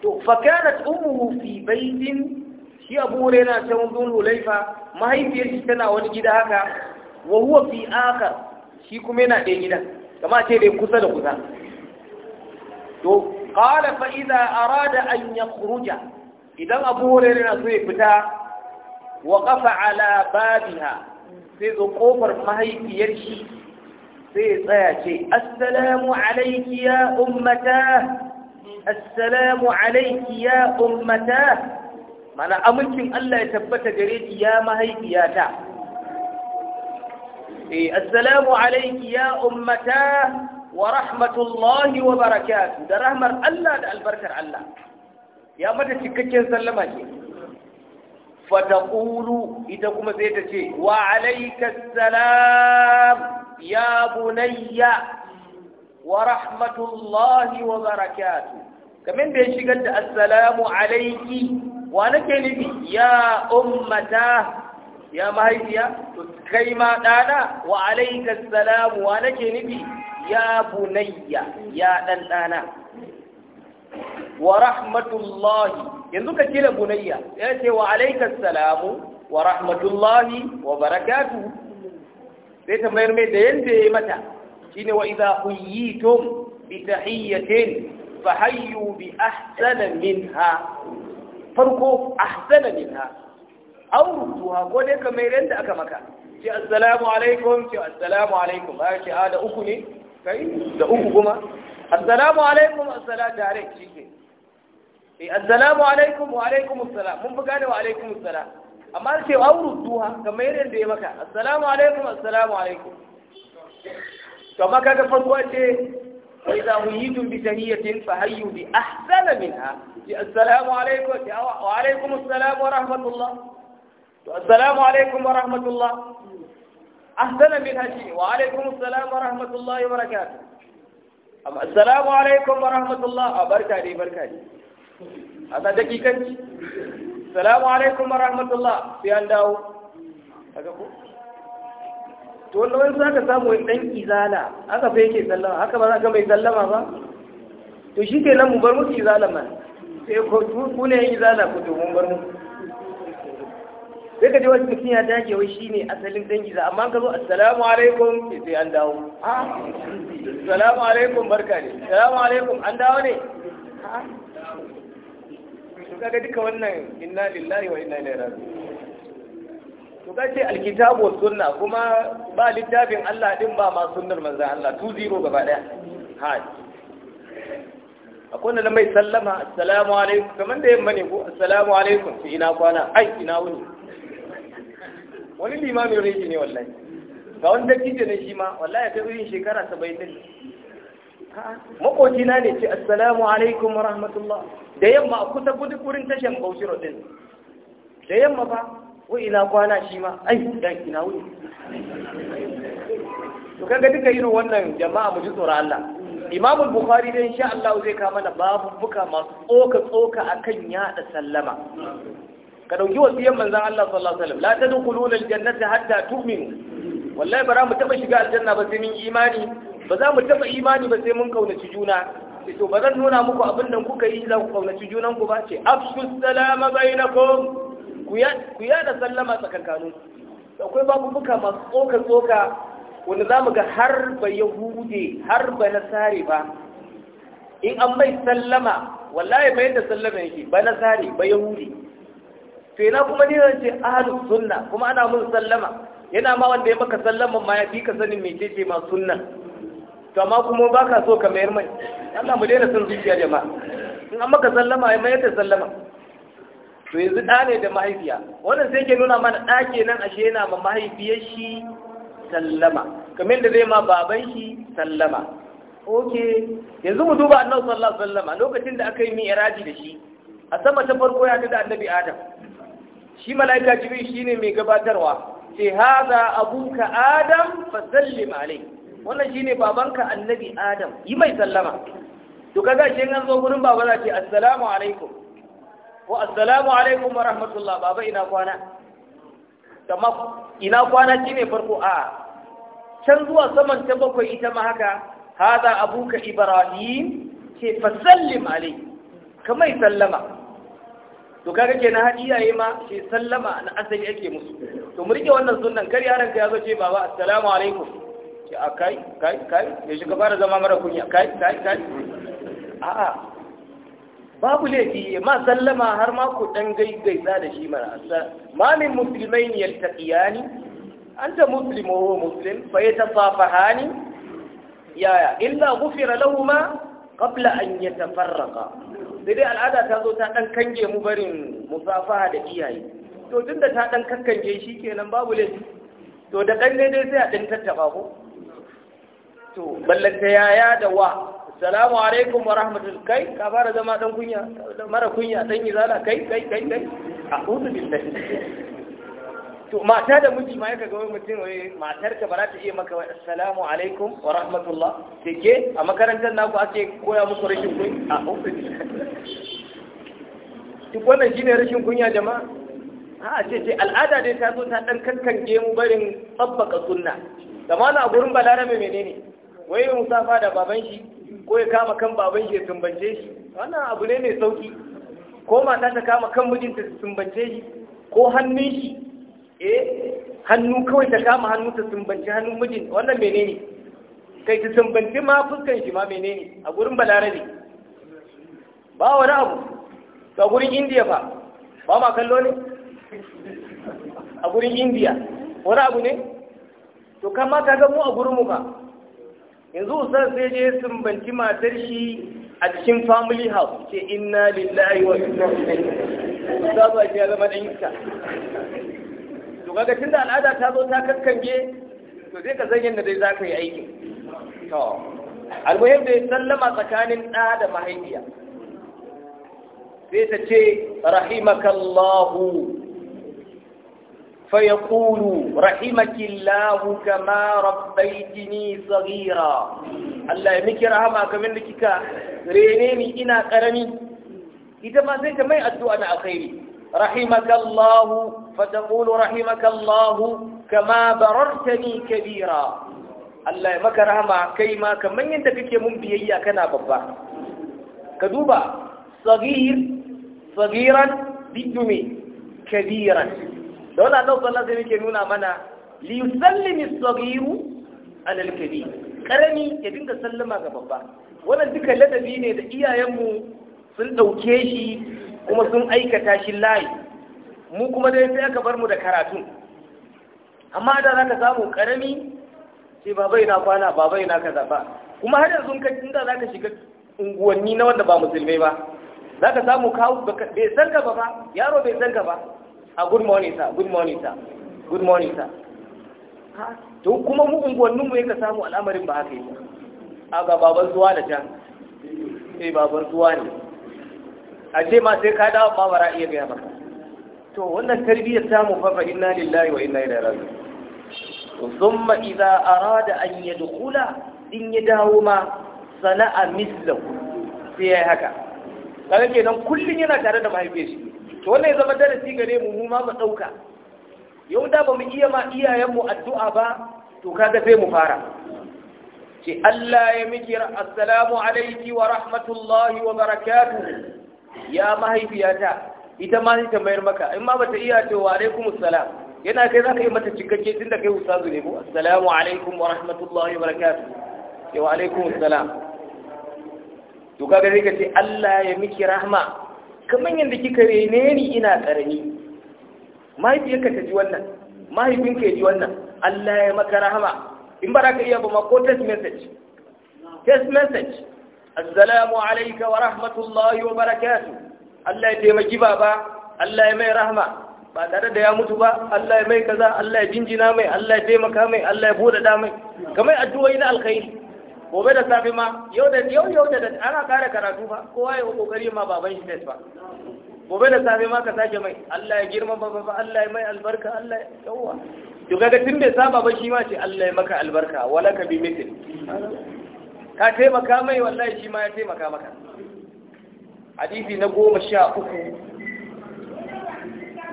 [SPEAKER 1] to fakanat ummuhu fi baitin shi abu huraira ta wuzun hulaifa mahaifiyar shi tana wani gida haka wa huwa fi akar shi kuma yana ɗaya gidan kama ce dai kusa da kusa to qala fa arada an yakhruja idan abu huraira na so ya fita wa qafa ala babiha sai zo kofar mahaifiyar shi sai tsaya ce assalamu alayki ya ummata assalamu alaiki ya ummata mana amincin Allah ya tabbata gare ki ya mahaifiyata eh asalamu alaiki ya ummata wa rahmatullahi wa barakatuh da rahmar Allah da albarkar Allah ya mata cikakken sallama ke fataqulu ita kuma zai ta ce wa alayka assalam ya bunayya wa rahmatullahi wa barakatu kamar da ya shigar da assalamu alaiki wa nake nufi ya ummata ya mahaifiya to kai ma dana wa alaika assalamu wa nake nufi ya bunayya ya dan dana wa rahmatullahi yanzu ka kira bunayya ya ce wa alaika assalamu wa rahmatullahi wa barakatu sai ta tambayar mai da yanda ya yi mata إن وإذا حييتم بتحية فحيوا بأحسن منها فرقوا أحسن منها أو ردوها قولي كما يرد أكمك شيء السلام عليكم شيء السلام عليكم هذا شيء هذا أخني كي دعوكما السلام عليكم السلام عليك شيء إيه، السلام عليكم وعليكم السلام من بقانا وعليكم السلام أما شيء أو ردوها كما يرد أكمك السلام عليكم السلام عليكم to amma kaga farko ce wa idza huyitum bi tahiyatin fa hayyu bi ahsana minha ya assalamu alaikum ya wa alaikum assalam wa rahmatullah to assalamu alaikum wa rahmatullah ahsana minha shi wa alaikum assalam wa rahmatullah wa barakatuh amma assalamu alaikum wa rahmatullah a barka dai barka dai a ta dakikanci assalamu alaikum wa rahmatullah sai an dawo kaga ko to wanda wani za ka samu wani ɗan izala aka fa yake sallama haka ba za ka mai sallama ba to shi ke nan mu bar musu izala ma sai ku ne yin izala ku to mun bar musu sai ka je wani mutum ya dage wai shi ne asalin ɗan izala amma ka zo assalamu alaikum sai sai an dawo assalamu alaikum barka ne assalamu alaikum an dawo ne ka ga duka wannan inna lillahi wa inna ilaihi raji'un to kace alkitabu was sunna kuma ba littafin Allah din ba ma sunnar manzon Allah 20 gaba daya ha akwai wanda mai sallama assalamu alaikum kamar da yamma ne ko assalamu alaikum shi ina kwana ai ina wuni wani limamin reji ne wallahi ga wani dattijo ne shi ma wallahi ta irin shekara ha ne na ne ce assalamu alaikum wa rahmatullah da yamma ku kusa gudu kurin tashan bauchi din da yamma ba ko ina kwana shi ma ai dan ina wuni to kaga duka irin wannan jama'a mu ji tsoro Allah Imam Bukhari dai insha Allah zai kawo mana babubuka masu tsoka tsoka akan yada sallama ka dauki wasiyar manzon Allah sallallahu alaihi wasallam la tadkhuluna aljannata hatta tu'minu wallahi za mu taba shiga aljanna ba sai mun imani ba za mu taba imani ba sai mun kaunaci juna to ba zan nuna muku abin da kuka yi za ku kaunaci junanku ba ce afshu salama bainakum ku yada sallama tsakankanin akwai babubuka masu tsoka-tsoka wanda za mu ga har ba yahude har ba nasare ba in an mai sallama wallahi mai da sallama yake ba nasare ba yahude to ina kuma ni zan ce ahlus sunna kuma ana mun sallama yana ma wanda ya maka sallama ma ya fi ka sanin ce-ce ma sunna to amma kuma baka so ka mayar mai Allah mu daina son zuciya jama'a in an maka sallama ya mayar da sallama to yanzu ɗa ne da mahaifiya wannan sai ke nuna mana ɗa nan ashe yana ma mahaifiyar shi sallama kamar da zai ma baban shi sallama ok yanzu mu duba annabi sallallahu alaihi wasallam lokacin da aka yi mi'raji da shi a sama ta farko ya da annabi adam shi mala'ika jibril shine mai gabatarwa ce haza abuka adam fa sallim alai wannan shine babanka annabi adam yi mai sallama to kaga shi an zo gurin baba za ce assalamu alaikum wa assalamu alaikum wa rahmatullah baba ina kwana amma ina kwana shine farko a can zuwa saman ta bakwai ita ma haka hada abuka ibrahim ke fa sallim alai kamai sallama to kaga kenan har iyaye ma ke sallama na asali yake musu to mu rike wannan sunnan kar yaron ka yazo ce baba assalamu alaikum ce a kai kai kai ya shiga fara zama mara kunya kai kai kai a'a babu laifi ma sallama har ma ku dan za da shi mara asa ma min muslimain yaltaqiyani anta muslimu wa muslim fa hani? yaya illa ghufira lahumu qabla an yatafarraqa sai dai al'ada ta zo ta dan kange mu barin musafaha da iyaye to tunda ta dan kakkange shi kenan babu laifi to da dan dai sai a dan tattaba ko to ballanta yaya da wa salamu alaikum wa rahmatul kai ka fara zama dan kunya mara kunya dan izala kai kai kai kai a'udhu billahi to mata da miji ma yaka ga wai mutum wai matar ka ba za ta iya maka wai assalamu alaikum wa rahmatullah sai a makarantar naku ake koya musu rashin kunya a'udhu billahi duk wannan shine rashin kunya jama'a a ce ce al'ada dai ta zo ta dan kankange mu barin tsabbaka sunna da mana a gurin balarabe menene wai Musa musafa da baban shi ko ya kama kan baban shi ya sumbance shi wannan abu ne mai sauki ko mata ta kama kan mijinta ta sumbance shi ko hannun shi eh hannu kawai ta kama hannu ta tumbance hannun mijin wannan menene kai ta tumbance ma fuskan shi ma menene a gurin balarabe ba wani abu a gurin indiya fa ba ma kallo ne a gurin indiya wani abu ne to kama ta ga mu a gurin mu ba. yanzu usar sai je sun banci matar shi a cikin family house ce inna lillahi wa inna ilaihi za ya zama dan iska to kaga tunda al'ada ta zo ta kakkange to zai ka san da dai za ka yi aiki to almuhim da ya sallama tsakanin ɗa da mahaifiya sai ta ce rahimakallahu فيقول رحمك الله كما ربيتني صغيرا الله يمك رحمه كمن لك رينيني إنا قرني إذا ما زيت ما يأدو أنا أخيري رحمك الله فتقول رحمك الله كما بررتني كبيرا الله يمك رحمه كيما كمن ينتكك من بيئيا كنا ببا كدوبا صغير صغيرا بدمي كبيرا da wani annabi sallallahu alaihi nuna mana li yusallimi as-saghiru ala al karami ya dinga sallama ga babba wannan duka ladabi ne da iyayenmu sun dauke shi kuma sun aikata shi layi mu kuma dai sai aka bar mu da karatu amma da za ka samu karami sai baba ina kwana baba ina kaza ba kuma har yanzu ka inda ka shiga unguwanni na wanda ba musulmai ba za ka samu kawo bai san gaba ba yaro bai san gaba a ah, good morning sir good morning sir good morning sir to kuma mu unguwannin mu yake samu al'amarin ba haka yi a ah, ga baban zuwa da jan eh baban zuwa ne a ce ma sai ka dawo babar a iya gaya maka to wannan tarbiyyar ta mu fa inna lillahi wa inna ilaihi raji'un thumma idza arada an yadkhula in ya dawo ma sana'a mislahu sai ya haka kaga kenan kullun yana tare da mahaifiyar to wannan ya zama darasi gare mu mu ma mu dauka yau da bamu iya ma iyayen mu addu'a ba to kaga sai mu fara ce Allah ya miki assalamu alayki wa rahmatullahi wa barakatuh ya mahaifiyata ita ma ta mayar maka in ma bata iya ce wa alaikum assalam yana kai zaka yi mata cikakke tunda kai ustazu ne ko assalamu alaikum wa rahmatullahi wa barakatuh ce wa alaikum assalam to kaga sai ka ce Allah ya miki rahma kamar yadda kika rene ni ina ƙarami mahaifiyarka ta ji wannan mahaifinka ya ji wannan Allah ya maka rahama in ba ka iya ba ma ko text message text message assalamu alayka wa rahmatullahi wa barakatu. Allah ya taimaki baba Allah ya mai rahama ba tare da ya mutu ba Allah ya mai kaza Allah ya jinjina mai Allah ya taimaka mai Allah ya bude da mai kamar addu'o'i na alkhairi gobe da safe ma yau da yau yau da ana ƙara karatu ba kowa ya kokari ma baban shi ba gobe da safe ma ka sake mai Allah ya girma ba ba Allah ya mai albarka Allah ya yawa to kaga tun bai saba ba shi ma ce Allah ya maka albarka wala ka bi mitin ka taimaka mai wallahi shi ma ya taimaka maka hadisi na goma sha uku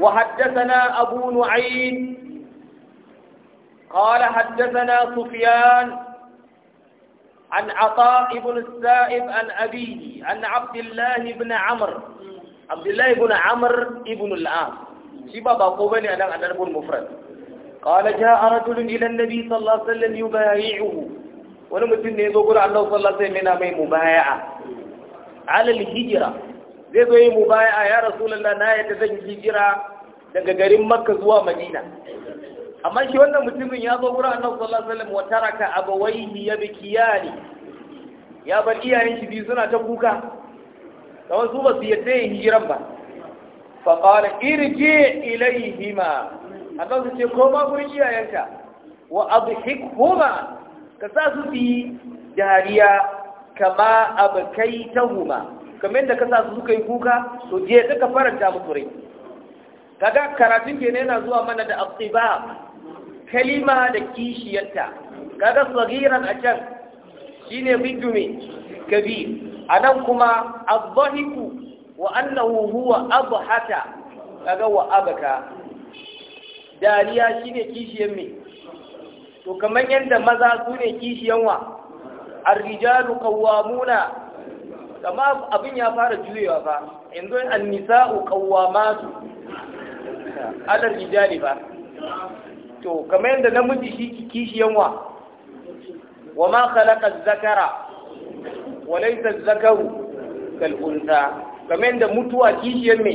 [SPEAKER 1] wa haddathana abu nu'ayn قال حدثنا سفيان عن عطاء بن السائب عن أبيه عن عبد الله بن عمر عبد الله بن عمر بن العام شبا باقوبني على أدب المفرد قال جاء رجل إلى النبي صلى الله عليه وسلم يبايعه ونمتن يقول الله صلى الله عليه وسلم أنا مبايعة على الهجرة zai zo yi mubaya'a ya rasulullah na yadda zan hijira daga garin makka zuwa madina amma shi wannan mutumin ya zo wurin annabi sallallahu alaihi wasallam wa taraka abawaihi yabkiyani ya bar iyayen shi biyu suna ta kuka kamar su ba su yadda yin hijiran ba fa qala irji ilaihima annabi ce koma gurin iyayenka wa adhikhuma ka sa su bi dariya kama abkaitahuma kamar da ka sa su suka yi kuka to je duka faranta musu rai kaga karatun ke yana zuwa mana da abtiba kalima da kishiyarta kaga sagiran a can shine bidume kabir anan kuma adhahiku wa annahu huwa abhata kaga wa abaka dariya shine kishiyar me to kamar yadda maza su ne kishiyan wa arrijalu qawwamuna kama abin ya fara juyewa fa, yanzu an-nisa'u qawwamatu ala rijali ba to kamar yadda namiji shi kishiyan wa wa ma khalaqa zakara wa laysa zakaru kal unsa kamar yadda mutuwa kishiyan me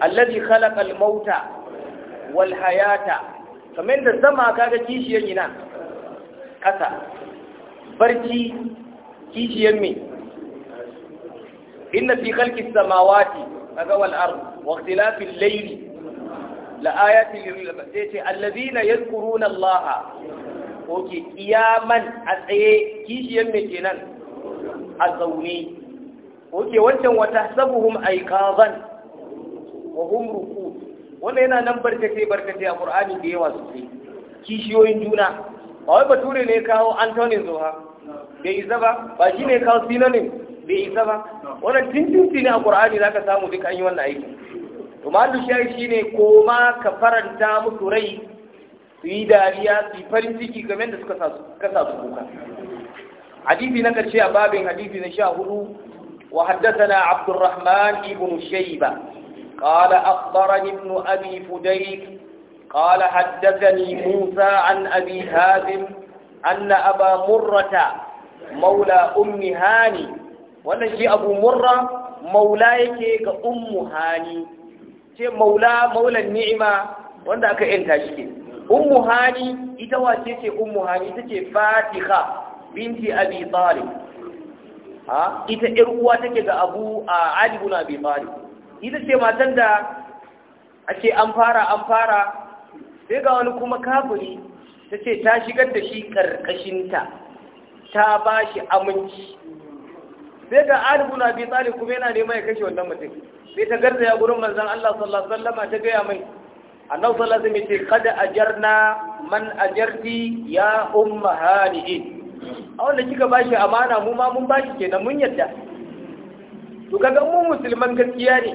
[SPEAKER 1] alladhi khalaqa al mauta wal hayata kamar yadda sama kaga kishiyan ina kasa barci kishiyan me inna fi khalqis samawati kaga wal ard wa ikhtilafil layli la'ayatin lil sai ce allazina yadhkuruna allaha oke kiyaman a tsaye kishiyan me kenan a zaune oke wancan wata sabuhum aykazan wa hum ruku wannan yana nan barkace barkace a qur'ani da yawa sosai kishiyoyin juna ba wai bature ne kawo antonin zoha bai isa ba ba shi ne kawo synonym bai isa ba wannan tintinti ne a qur'ani zaka samu duk an yi wannan aikin to malu shari shine koma ka faranta musu rai su yi dariya su yi farin ciki game da suka sa su kuka hadisi na karshe a babin hadisi na sha hudu wa haddathana abdurrahman ibn shayba qala akhbarani ibn abi fudayk qala haddathani musa an abi hazim anna aba murrata maula ummi hani wannan shi abu murra maula yake ga ummu hani ce maula maulan ni'ima wanda aka yanta shi ke ummu hani ita wace ce ummu hani ita ce fatiha binti abi talib ha ita ƴar uwa take ga abu a ali ibn abi talib ita ce matan da ake an fara an fara sai ga wani kuma kafiri tace ta shigar da shi karkashinta ta ta bashi aminci sai ga alibu na biyu tsari kuma yana neman ya kashe wannan mutum sai ta garza ya gurin manzan Allah sallallahu alaihi ta gaya mai annabi sallallahu alaihi wasallam ce kada ajarna man ajarti ya umma halihin a wanda kika bashi amana mu ma mun bashi kenan mun yadda to kaga mu musulman gaskiya ne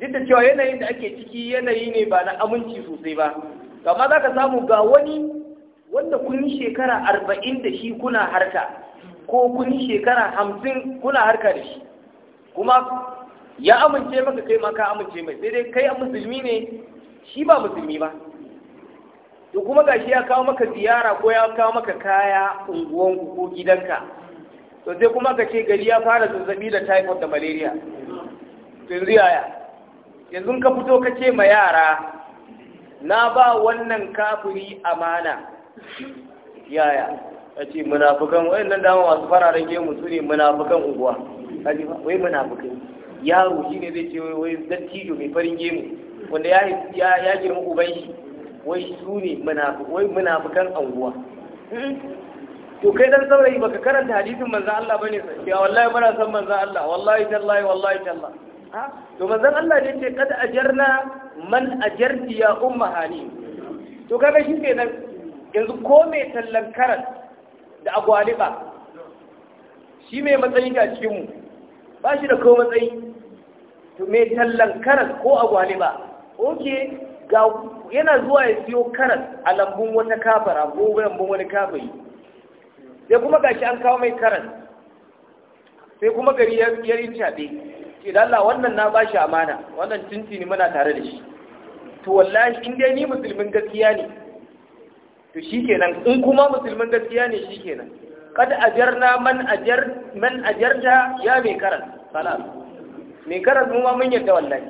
[SPEAKER 1] duk da cewa yanayin da ake ciki yanayi ne ba na aminci sosai ba amma ka samu ga wani wanda kun shekara arba'in da shi kuna harka ko kun yi shekara hamsin kuna harka da shi kuma ya amince maka kai ma ka amince mai sai dai kai musulmi ne shi ba musulmi ba to kuma gashi ya kawo maka ziyara ko ya kawo maka kaya unguwanku ko gidanka to sai kuma ka ce gari ya fara zazzabi da typhoid da malaria yanzu yaya yanzu ka fito ka ce ma yara na ba wannan kafuri amana yaya ya ce munafukan nan dama masu fararen gemu su ne munafukan unguwa kaji ba wai munafukai yaro shine zai ce wai dattijo mai farin gemu wanda ya ya girma uban shi wai su ne wai munafukan unguwa hmm? to kai dan saurayi baka karanta hadisin manzon Allah bane sai wallahi muna san manzon Allah wallahi tallahi wallahi tallahi to manzon Allah ne ce kada ajarna man ajarti ya umma to kaga shi nan yanzu ko mai tallan karanta da agwaliba shi mai matsayi ga cikinmu ba shi da kawo matsayi to mai tallan karas ko agwaliba oke ga yana zuwa ya siyo karas a lambun wata kafara ko lambun wani kafari sai kuma gashi an kawo mai karas sai kuma gari ya rincaɓe ce da Allah wannan na ba shi amana wannan cinci ne muna tare da shi to wallahi in dai ni musulmin gaskiya ne to shikenan in kuma musulmin gaskiya ne shikenan jar ajarna man ajar man ajarta ya mai karas salam mai karas mu ma mun yadda wallahi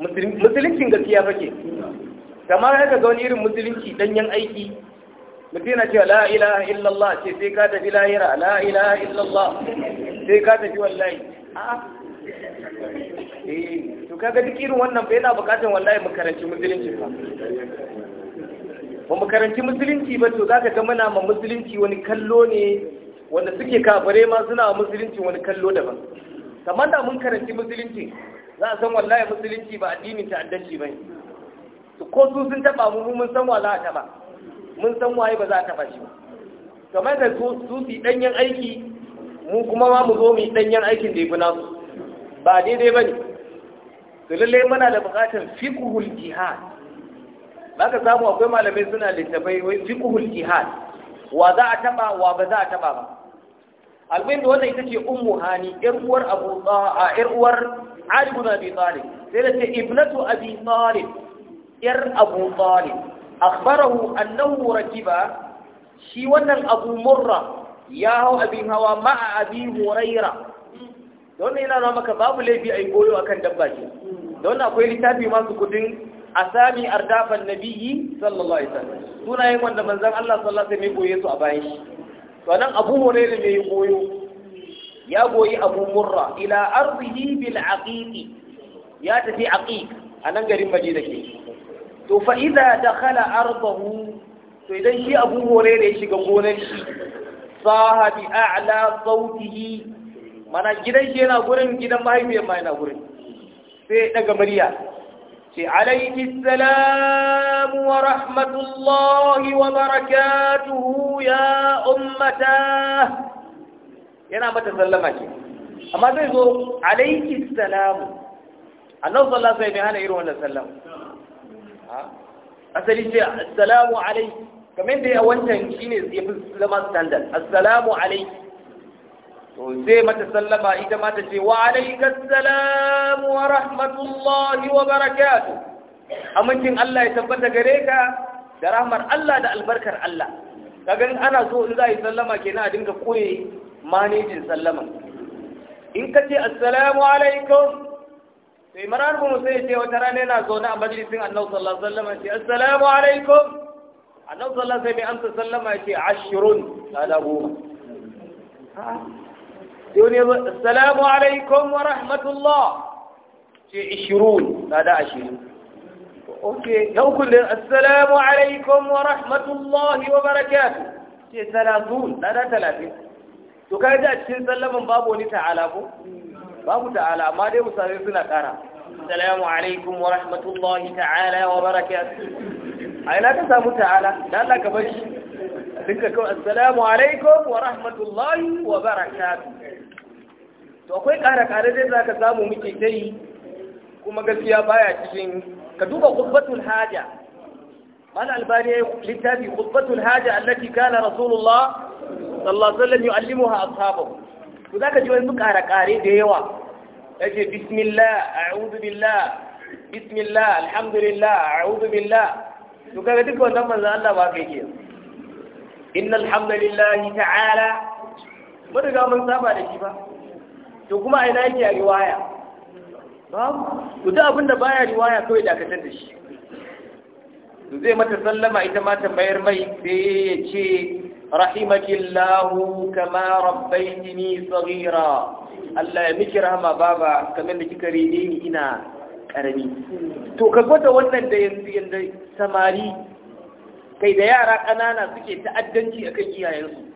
[SPEAKER 1] musulmin gaskiya ke kamar haka ga wani irin musulunci danyen aiki mutum yana cewa la ilaha illallah ce sai ka tafi lahira la ilaha illallah sai ka tafi wallahi a'a eh to kaga duk irin wannan bai na bukatun wallahi mu karanci musulunci ba ba mu karanci musulunci ba to zaka ga muna ma musulunci wani kallo ne wanda suke kafare ma suna musulunci wani kallo daban kamar da mun karanci musulunci za a san wallahi musulunci ba addinin ta'addanci ba to ko su sun taba mu mun san wa za a taba mun san waye ba za a ba shi ba kamar da su su yi danyen aiki mu kuma ma mu zo mu yi danyen aikin da ya fi nasu ba daidai ba ne to lalle muna da buƙatar fiqhul jihad zaka ka samu akwai malamai suna littafai wai fiqhul jihad wa za a taba wa ba za a taba ba albin da wannan ita ce ummu hani yar uwar abu a yar uwar ali ibn abi talib sai da ce ibnatu abi talib yar abu talib akhbarahu annahu rakiba shi wannan abu murra ya hau abin hawa ma'a abi huraira don yana nuna maka babu laifi a yi goyo akan dabba ce don akwai littafi masu kudin A asami ardafan nabiyyi sallallahu alaihi wasallam sunayen wanda manzon Allah sallallahu alaihi wasallam ya koye su a bayan shi to nan Abu Hurairah ne ya koyo ya goyi Abu Murra ila ardihi bil aqiq ya tafi aqiq a nan garin Madina ke to fa idza dakhala ardahu to idan shi Abu Hurairah ya shiga gonar shi sahabi a'la sautihi mana gidan shi yana gurin gidan mahaifiyar ma yana gurin sai daga murya ce alaihi salam wa rahmatullahi wa barakatuhu ya ummata yana mata sallama ce amma zai zo alaihi salam annabi sallallahu alaihi wasallam hana irin wannan sallama asali ce assalamu alaihi kamar da ya wancan shine ya fi zama standard assalamu alaihi to zai mata sallama ita ma ta ce wa alaikas salam wa rahmatullahi wa barakatuh amincin Allah ya tabbata gare ka da rahmar Allah da albarkar Allah kaga in ana so in za a yi sallama kenan a dinga koye manejin sallama in ka ce assalamu alaikum sai marar mu sai ce wata rana yana zaune a majalisin annabi sallallahu alaihi wasallam ce assalamu alaikum annabi sallallahu alaihi wasallam sai mai amsa sallama ce ashrun ala goma يقول السلام عليكم ورحمة الله شيء عشرون هذا عشرين أوكي لو كل السلام عليكم ورحمة الله وبركاته شيء ثلاثون هذا ثلاثين وكان جاء الشيء سلم بابه تعالى بابه تعالى ما دي مسافرنا كارا السلام عليكم ورحمة الله تعالى وبركاته أي لا أتسام تعالى لا لا كبش السلام عليكم ورحمة الله وبركاته to akwai ƙara-ƙara dai za ka samu muke ta kuma gaskiya baya cikin ka duba khutbatul haja mal albani littafi khutbatul haja allati kana rasulullah sallallahu alaihi wasallam yu'allimuha ashabahu to zaka ji wani ƙara-ƙare da yawa yace bismillah a'udhu billah bismillah alhamdulillah a'udhu billah to kaga duk wannan manzo Allah ba kai ke innal hamdalillah ta'ala mun riga mun saba da shi ba to kuma a ina yake a riwaya babu ku duk abin da baya riwaya kawai dakatar da shi to zai mata sallama ita ma tambayar mai sai ya ce rahimakillahu kama rabbaitini saghira Allah ya miki rahama baba kamar da kika rene ni ina karami to ka gwada wannan da yanzu yanda samari kai da yara ƙanana suke ta'addanci akan iyayensu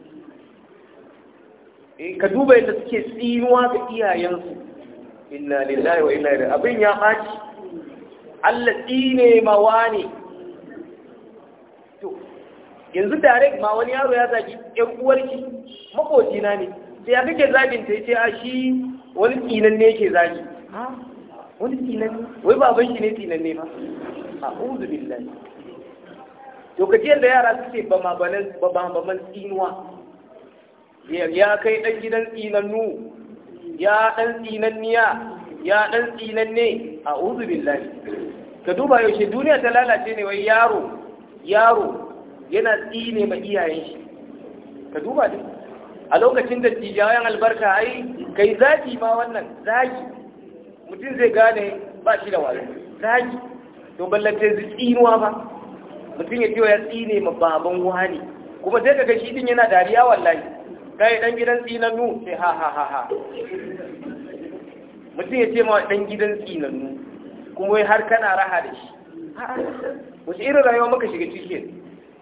[SPEAKER 1] Eh, ka duba yadda suke tsinuwa ga iyayensu inna lillahi wa inna ilaihi abin ya ɓaci Allah tsine ma wani to yanzu direct ma wani yaro ya zagi ƴan makoci na ne sai ya kake zabin ta yace a shi wani tsinan ne yake zagi wani tsinan ne wai baban shi ne tsinan ne ba a'udhu billahi to kaje da yara suke ba ma banan ba ba baman tsinuwa ya kai ɗan gidan tsinannu ya ɗan tsinanniya ya ɗan tsinanne a uzu billahi ka duba yaushe duniya ta lalace ne wai yaro yaro yana tsine ma iyayen shi ka duba dai a lokacin da tijayen albarka ai kai zaki ma wannan zaki mutum zai gane ba shi da wani zaki to ballanta zai tsinuwa ba mutum ya ce ya tsine ma baban wani kuma sai ka ga shi din yana dariya wallahi kai dan gidan tsinannu sai ha ha ha ha mutum ya ce ma dan gidan tsinannu kuma har kana raha da shi wace irin rayuwa muka shiga cikin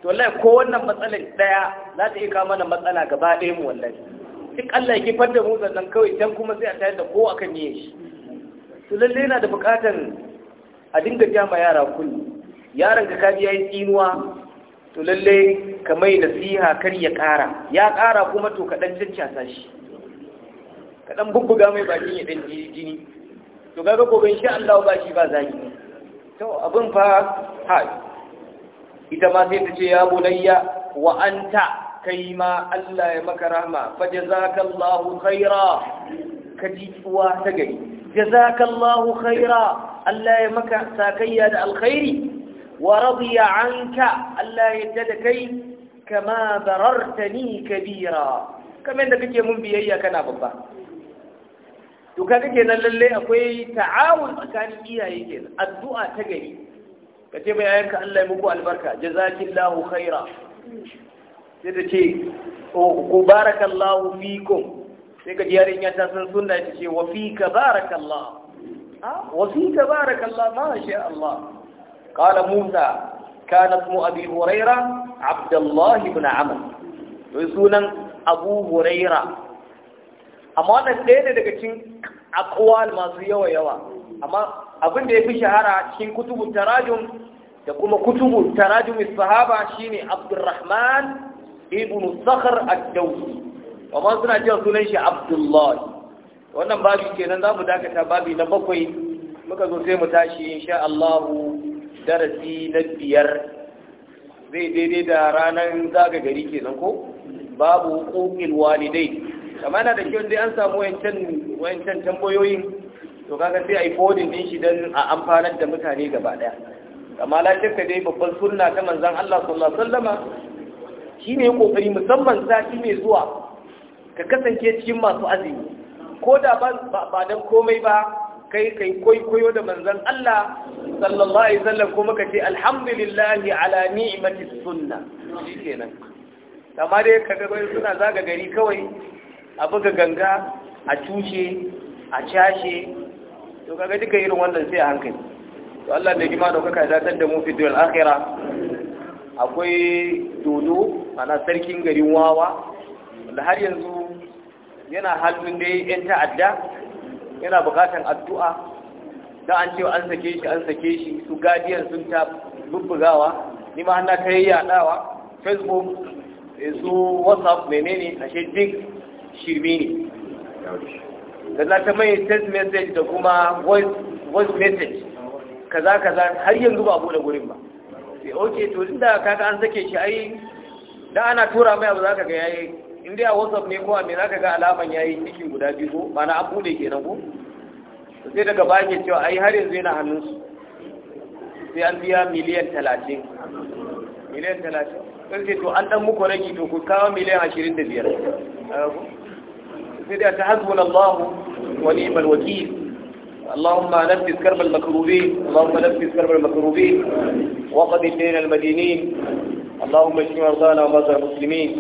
[SPEAKER 1] to wallahi ko wannan matsalar ɗaya za ta iya kawo mana matsala gaba ɗaya mu wallahi duk Allah ya kifar da mu nan kawai dan kuma sai a tayar da ko akan niyyar shi to lalle yana da buƙatar a dinga ja yara kullu yaron ka kaji yayi tsinuwa to lalle ka mai nasiha kar ya ƙara ya ƙara kuma to kaɗan ɗan shi ka ɗan bubbuga mai bakin ya ɗan jini to kaga gobe insha Allah ba shi ba zagi to abin fa ha ita ma sai ta ce ya bunayya wa anta kai ma Allah ya maka rahma fa jazakallahu khaira ka ji uwa ta gari jazakallahu khaira Allah ya maka sakayya da alkhairi ورضي عنك ألا يتدكي كما بررتني كبيرا كما أنك يمون بيئي كان أببا to kaga kenan lalle akwai ta'awun tsakanin iyaye kenan addu'a ta gari ka ce mai yayanka Allah ya muku albarka jazakillahu khaira sai ta ce oh, ku barakallahu fikum sai ka ji yarinya ta san sunna ta ce wa fika barakallah ah, wa fika barakallah ma sha Allah قال موسى كان اسم ابي هريره عبد الله بن عمر رسولا ابو هريره اما نتين daga cikin aqwal masu yawa yawa amma abin da yafi shahara cikin kutubut tarajum da kuma kutubut tarajum sahaba shine abdurrahman ibnu sakhr ad-dawsi amma suna cewa sunan shi abdullah wannan babu kenan zamu dakata babu na bakwai muka zo sai mu tashi insha Allah darasi na biyar zai daidai da ranar zagagari gari kenan ko babu hukukin walidai kama yana da kyau dai an samu wayancan tambayoyin to kaga sai a yi fodin din shi don a amfanar da mutane gaba daya kama lafiyarka dai babban sunna ta manzan Allah sallallahu shi ne shine kokari musamman sati mai zuwa ka kasance cikin masu azumi ko da ba don komai ba kai kai kwaikwayo da manzon Allah sallallahu alaihi wasallam kuma ka ce alhamdulillahi ala ni'mati sunna kenan amma dai kaga bai suna zaga gari kawai a buga ganga a cushe, a cashe to kaga duka irin wannan sai a hankali to Allah ne gima daukaka ya zatar da mu fi akhira akwai dodo ana sarkin garin wawa wanda har yanzu yana hannun da yan ta'adda yana bukatan addu'a da an ce an sake shi an sake shi su guardian sun ta bubbugawa ni ma na kai yadawa facebook eh, su whatsapp menene shi duk shirme ne da na ta mai text message da kuma voice message kaza kaza har yanzu ba bude gurin ba sai eh, oke, to inda kaka an sake shi ai da ana tura mai abu ka ga yayi in dai a whatsapp ne kowa me zaka ga alaman yayi ciki guda biyu ko mana an bude kenan ko sai daga baya cewa ai har yanzu yana hannun su sai an biya miliyan 30 miliyan 30 sai ce to an dan muku rage to ku kawo miliyan 25 sai da ta Allah wa ni'mal wakeel اللهم نفس كرب المكروبين اللهم نفس كرب المكروبين وقد الدين المدينين اللهم اشف مرضانا ومرضى المسلمين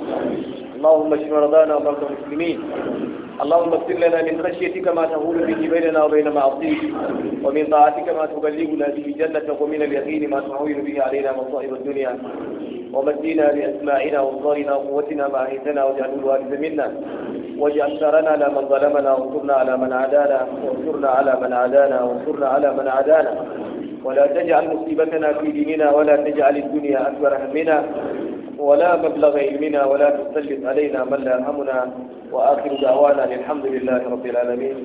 [SPEAKER 1] اللهم اشف مرضانا ومرضى المسلمين اللهم اغفر لنا من خشيتك ما تهول به بيننا وبين معصيك ومن طاعتك ما تبلغنا به جنتك ومن اليقين ما تعول به علينا مصائب الدنيا ومدينا بأسماعنا وابصارنا وقوتنا ما أهيتنا واجعله الوارث منا واجعل ثارنا على من ظلمنا وانصرنا على من عادانا وانصرنا على من عادانا وانصرنا على من عادانا ولا تجعل مصيبتنا في ديننا ولا تجعل الدنيا أكبر همنا ولا مبلغ علمنا ولا تسلط علينا من لا يرحمنا وآخر دعوانا الحمد لله رب العالمين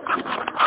[SPEAKER 1] الله